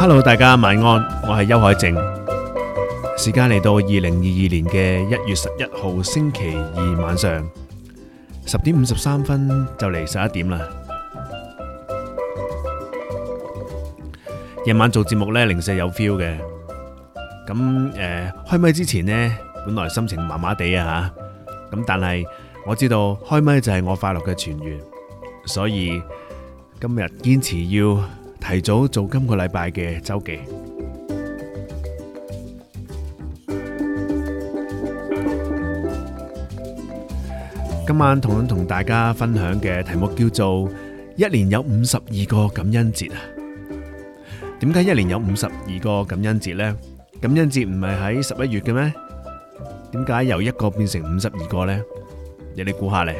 Hello，大家晚安，我係邱海靜。時間嚟到二零二二年嘅一月十一號星期二晚上十點五十三分，就嚟十一點啦。夜晚做節目呢，零舍有 feel 嘅。咁誒、呃，開咪之前呢，本來心情麻麻地啊吓。咁但係我知道開咪就係我快樂嘅泉源，所以今日堅持要。提早做今個禮拜嘅周記。今晚同同大家分享嘅題目叫做《一年有五十二個感恩節》啊。點解一年有五十二個感恩節呢？感恩節唔係喺十一月嘅咩？點解由一個變成五十二個呢？有你估下呢？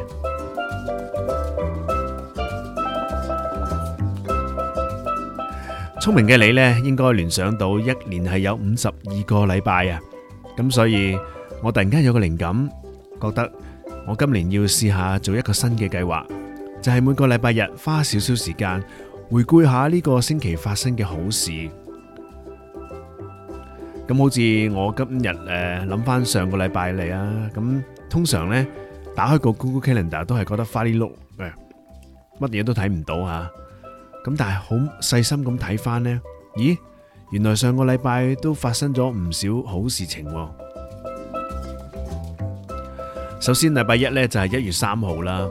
聰明嘅你呢，應該聯想到一年係有五十二個禮拜啊，咁所以我突然間有個靈感，覺得我今年要試下做一個新嘅計劃，就係每個禮拜日花少少時間回顧下呢個星期發生嘅好事。咁好似我今日誒諗翻上個禮拜嚟啊，咁通常呢，打開個 Google Calendar 都係覺得花哩碌嘅，乜嘢都睇唔到啊。咁但係好細心咁睇翻呢。咦，原來上個禮拜都發生咗唔少好事情。首先禮拜一呢，就係一月三號啦，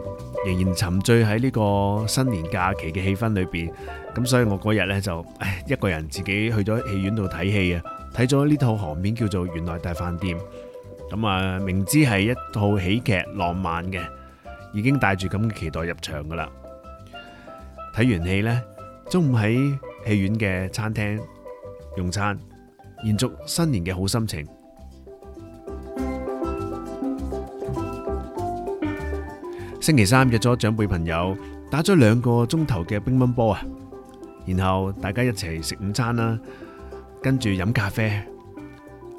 仍然沉醉喺呢個新年假期嘅氣氛裏邊。咁所以我嗰日呢，就，唉，一個人自己去咗戲院度睇戲啊，睇咗呢套韓片叫做《原來大飯店》。咁啊，明知係一套喜劇浪漫嘅，已經帶住咁嘅期待入場噶啦。睇完戲呢，中午喺戲院嘅餐廳用餐，延續新年嘅好心情。星期三約咗長輩朋友打咗兩個鐘頭嘅乒乓波啊，然後大家一齊食午餐啦，跟住飲咖啡。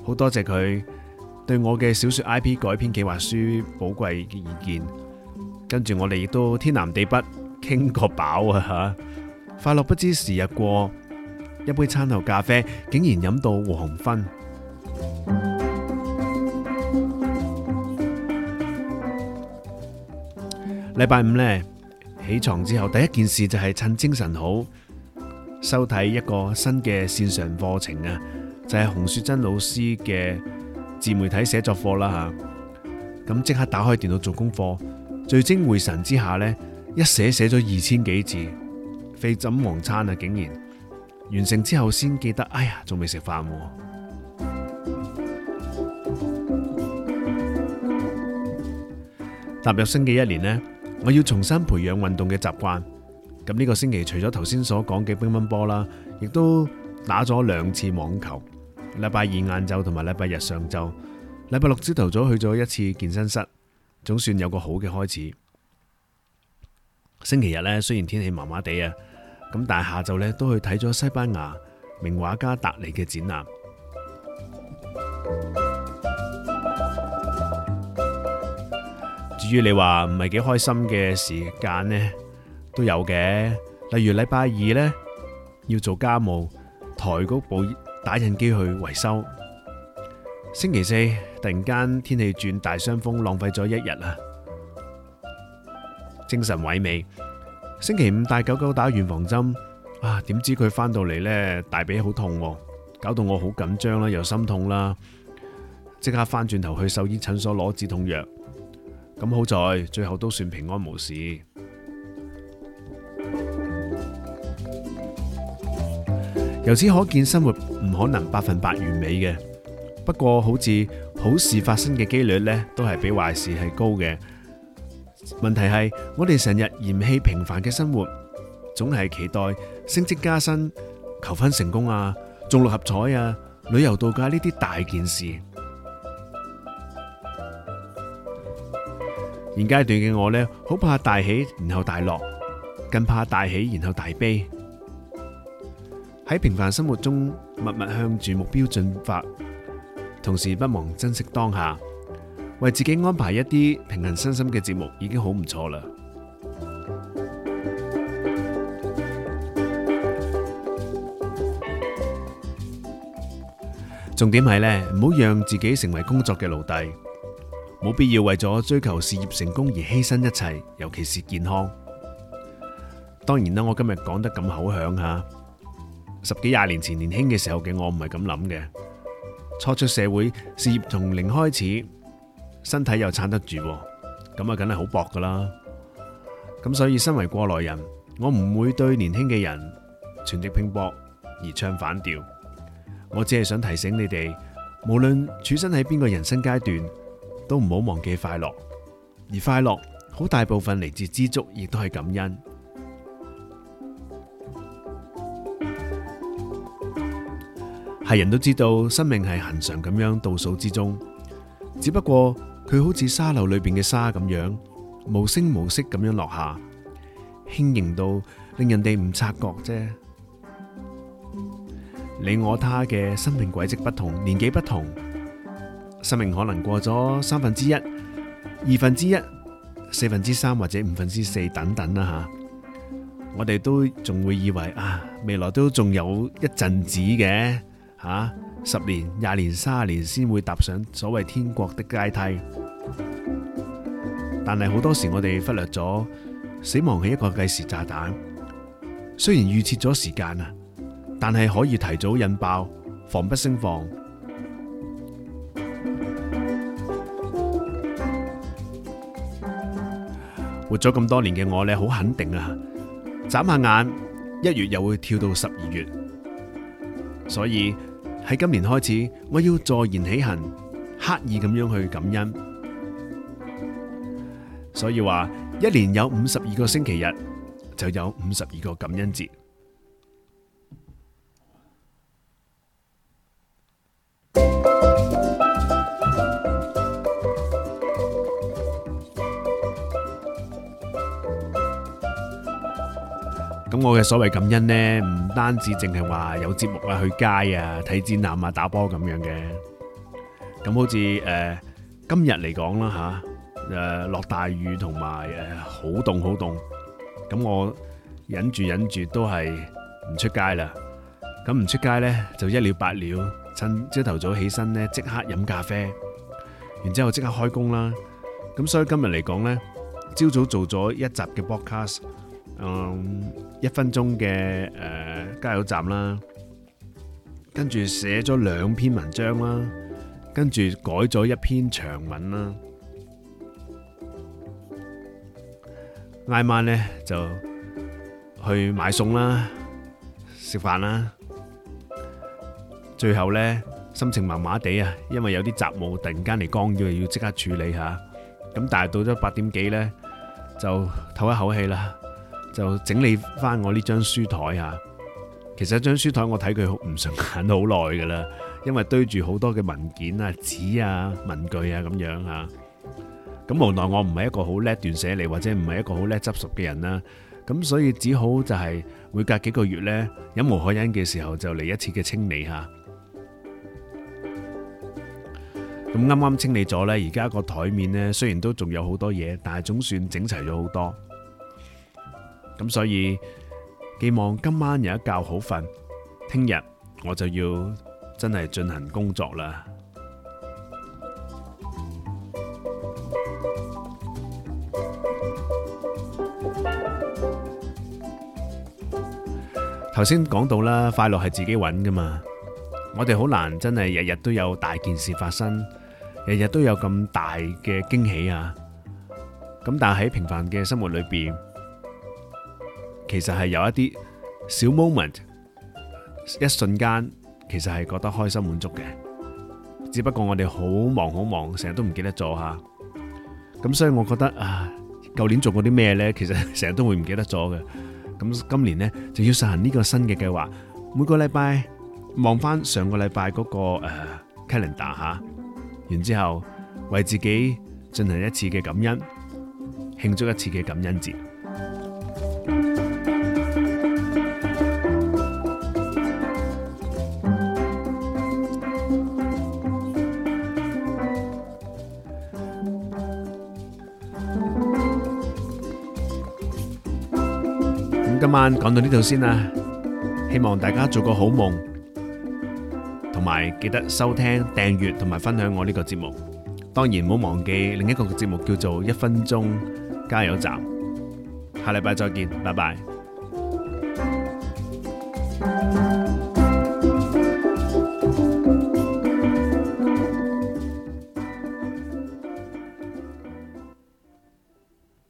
好多謝佢對我嘅小說 I P 改編計劃書寶貴嘅意見，跟住我哋亦都天南地北。傾個飽啊，快樂不知時日過，一杯餐後咖啡竟然飲到黃昏。禮拜 五呢，起床之後第一件事就係趁精神好，收睇一個新嘅線上課程啊！就係、是、洪雪珍老師嘅自媒體寫作課啦吓。咁即刻打開電腦做功課，聚精會神之下呢。一寫寫咗二千幾字，廢寢忘餐啊！竟然完成之後先記得，哎呀，仲未食飯喎。踏入新嘅一年呢，我要重新培養運動嘅習慣。咁呢個星期除咗頭先所講嘅乒乓波啦，亦都打咗兩次網球。禮拜二晏晝同埋禮拜日上晝，禮拜六朝頭早去咗一次健身室，總算有個好嘅開始。星期日咧，雖然天氣麻麻地啊，咁但係下晝咧都去睇咗西班牙名畫家達利嘅展覽。至於你話唔係幾開心嘅時間咧，都有嘅。例如禮拜二咧要做家務，抬嗰部打印機去維修。星期四突然間天氣轉大傷風，浪費咗一日啊！精神萎靡，星期五帶狗狗打預防針啊！點知佢翻到嚟呢，大髀好痛，搞到我好緊張啦，又心痛啦，即刻翻轉頭去獸醫診所攞止痛藥。咁好在最後都算平安無事。由此可見，生活唔可能百分百完美嘅。不過，好似好事發生嘅幾率呢，都係比壞事係高嘅。問題係，我哋成日嫌棄平凡嘅生活，總係期待升職加薪、求婚成功啊、中六合彩啊、旅遊度假呢啲大件事。現階段嘅我呢，好怕大起然後大落，更怕大起然後大悲。喺平凡的生活中，默默向住目標進發，同時不忘珍惜當下。為自己安排一啲平衡身心嘅節目，已經好唔錯啦。重點係咧，唔好讓自己成為工作嘅奴隸，冇必要為咗追求事業成功而犧牲一切，尤其是健康。當然啦，我今日講得咁口響吓，十幾廿年前年輕嘅時候嘅我唔係咁諗嘅。初出社會，事業從零開始。身體又撐得住，咁啊，梗係好搏噶啦。咁所以身為過來人，我唔會對年輕嘅人全力拼搏而唱反調。我只係想提醒你哋，無論處身喺邊個人生階段，都唔好忘記快樂。而快樂好大部分嚟自知足，亦都係感恩。係人都知道，生命係恒常咁樣倒數之中，只不過。佢好似沙漏裏邊嘅沙咁樣，無聲無息咁樣落下，輕盈到令人哋唔察覺啫。你我他嘅生命軌跡不同，年紀不同，生命可能過咗三分之一、二分之一、四分之三或者五分之四等等啦吓。我哋都仲會以為啊，未來都仲有一陣子嘅吓。啊十年、廿年、三十年，先會踏上所謂天國的階梯。但係好多時，我哋忽略咗死亡係一個計時炸彈。雖然預設咗時間啊，但係可以提早引爆，防不勝防。活咗咁多年嘅我咧，好肯定啊！眨下眼，一月又會跳到十二月，所以。喺今年開始，我要坐言起行，刻意咁樣去感恩。所以話，一年有五十二個星期日，就有五十二個感恩節。咁我嘅所謂感恩咧，唔單止淨係話有節目啊，去街啊，睇展覽啊，打波咁樣嘅。咁好似誒今日嚟講啦吓，誒落大雨同埋誒好凍好凍，咁我忍住忍住都係唔出街啦。咁唔出街咧，就一了百了。趁朝頭早起身咧，即刻飲咖啡，然之後即刻開工啦。咁所以今日嚟講咧，朝早做咗一集嘅 podcast。嗯，一分鐘嘅誒加油站啦，跟住寫咗兩篇文章啦，跟住改咗一篇長文啦。挨晚呢就去買餸啦、食飯啦。最後呢心情麻麻地啊，因為有啲雜務突然間嚟幹，要要即刻處理下。咁但係到咗八點幾呢，就透一口氣啦。就整理翻我呢張書台其實張書台我睇佢好唔順眼好耐噶啦，因為堆住好多嘅文件啊、紙啊、文具啊咁樣吓。咁無奈我唔係一個好叻斷捨離或者唔係一個好叻執屋嘅人啦，咁所以只好就係每隔幾個月呢，忍無可忍嘅時候就嚟一次嘅清理下。咁啱啱清理咗呢，而家個台面呢，雖然都仲有好多嘢，但係總算整齊咗好多。咁所以，希望今晚有一覺好瞓，聽日我就要真係進行工作啦。頭先講到啦，快樂係自己搵㗎嘛，我哋好難真係日日都有大件事發生，日日都有咁大嘅驚喜啊！咁但係喺平凡嘅生活裏邊。其實係有一啲小 moment，一瞬間，其實係覺得開心滿足嘅。只不過我哋好忙好忙，成日都唔記得咗吓。咁、啊、所以我覺得啊，舊年做過啲咩呢？其實成日都會唔記得咗嘅。咁、啊、今年呢，就要實行呢個新嘅計劃，每個禮拜望翻上個禮拜嗰個誒 calendar 吓，然之後為自己進行一次嘅感恩，慶祝一次嘅感恩節。今晚講到呢度先啦，希望大家做個好夢，同埋記得收聽、訂閱同埋分享我呢個節目。當然唔好忘記另一個節目叫做《一分鐘加油站》。下禮拜再見，拜拜。